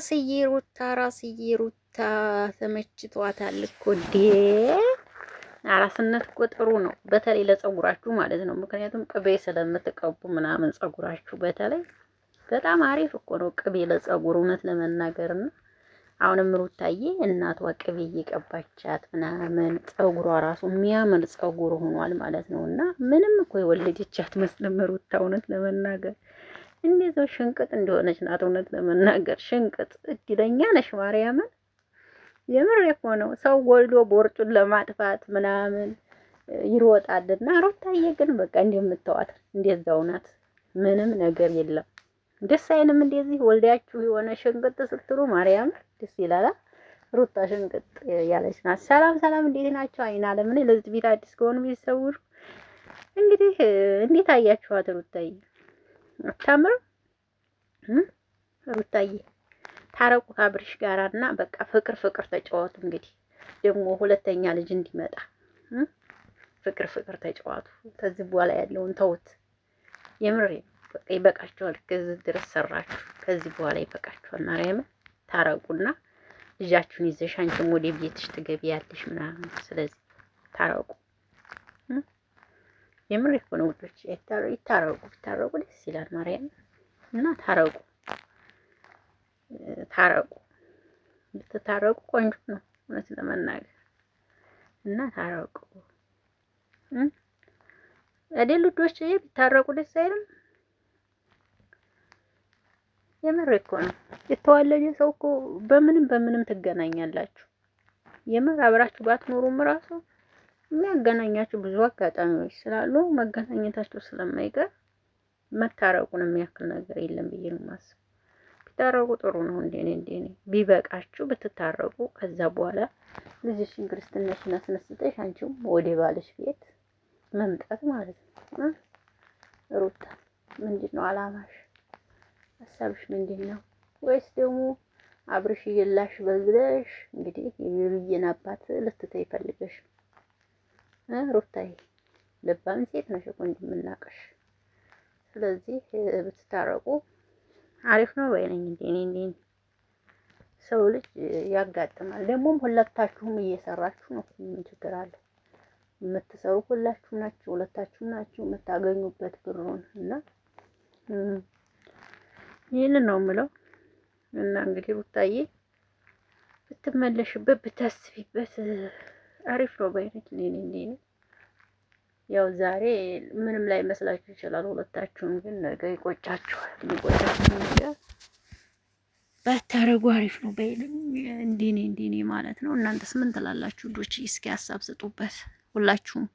ራስዬ ሩታ ራስዬ ሩታ ተመችቷታል እኮ ዴ አራስነት እኮ ጥሩ ነው። በተለይ ለጸጉራችሁ ማለት ነው። ምክንያቱም ቅቤ ስለምትቀቡ ምናምን ጸጉራችሁ በተለይ በጣም አሪፍ እኮ ነው ቅቤ ለጸጉር እውነት ለመናገር እና አሁንም ሩታዬ እናቷ ቅቤ እየቀባቻት ምናምን ጸጉሯ ራሱ የሚያምር ጸጉር ሆኗል ማለት ነው። እና ምንም እኮ የወለደቻት መስለም ሩታ እውነት ለመናገር እንደዛው ሽንቅጥ እንደሆነች ናት። እውነት ለመናገር ሽንቅጥ እድለኛ ነሽ ማርያምን። የምር እኮ ነው ሰው ወልዶ ቦርጩን ለማጥፋት ምናምን ይሮጣልና ሩታዬ ግን በቃ እንደምታዋት እንደዛው ናት። ምንም ነገር የለም። ደስ አይልም? እንደዚህ ወልዳችሁ የሆነ ሽንቅጥ ስትሉ ማርያም ደስ ይላላ። ሩታ ሽንቅጥ ያለች ናት። ሰላም ሰላም፣ እንዴት ናቸው? አይና ለምን ለዚህ ቤት አዲስ ከሆኑ ቤተሰቡ እንግዲህ እንዴት አያችኋት ሩታዬ? አታምር ሩታዬ። ታረቁ ካብርሽ ጋራ እና በቃ ፍቅር ፍቅር ተጫወቱ። እንግዲህ ደግሞ ሁለተኛ ልጅ እንዲመጣ ፍቅር ፍቅር ተጫወቱ። ከዚህ በኋላ ያለውን ተውት። የምሬ በቃ ይበቃችኋል። ከዚህ ድረስ ሰራችሁ፣ ከዚህ በኋላ ይበቃችኋል። ማርያምን ታረቁና ልጃችሁን ይዘሽ አንቺም ወደ ቤትሽ ትገቢያለሽ ምናምን። ስለዚህ ታረቁ። የምር የሆነ ውዶች ይታረቁ፣ ይታረቁ ደስ ይላል። ማርያም እና ታረቁ፣ ታረቁ ብትታረቁ ቆንጆ ነው እውነት ለመናገር እና ታረቁ አይደል ውዶች፣ ቢታረቁ ደስ አይልም? የምር እኮ ነው። የተዋለደ ሰው እኮ በምንም በምንም ትገናኛላችሁ። የምር አብራችሁ ባትኖሩም እራሱ የሚያገናኛቸው ብዙ አጋጣሚዎች ስላሉ መገናኘታቸው ስለማይቀር መታረቁን የሚያክል ነገር የለም ብዬ ነው የማስበው። ቢታረቁ ጥሩ ነው። እንደኔ እንዴኔ ቢበቃችሁ ብትታረቁ፣ ከዛ በኋላ ልጅሽን ክርስትናሽን አስነስተሽ አንቺም ወደ ባልሽ ቤት መምጣት ማለት ነው። ሩታ ምንድን ነው አላማሽ? ሀሳብሽ ምንድን ነው? ወይስ ደግሞ አብርሽ እየላሽ በልብለሽ እንግዲህ የልጅን አባት ልትተይ ፈልገሽ ሩታዬ ልባም ሴት ነሽ እኮ እንደምናውቅሽ። ስለዚህ ብትታረቁ አሪፍ ነው ባይነኝ። እንዴ እንዴ ሰው ልጅ ያጋጥማል። ደግሞም ሁለታችሁም እየሰራችሁ ነው። ምን ችግር አለ? የምትሰሩ ሁላችሁ ናችሁ፣ ሁለታችሁ ናችሁ የምታገኙበት ብሩን እና ይህንን ነው የምለው። እና እንግዲህ ሩታዬ ብትመለሽበት ብታስቢበት አሪፍ ነው ባይነች ኔን እንዲህ ያው ዛሬ ምንም ላይ መስላችሁ ይችላል። ሁለታችሁም ግን ነገ ይቆጫችኋል። ይቆጫችሁ ይችላል። ባታረጉ አሪፍ ነው በይልም እንዲኔ እንዲኔ ማለት ነው። እናንተስ ምን ትላላችሁ? ዶች እስኪ ሀሳብ ስጡበት ሁላችሁም።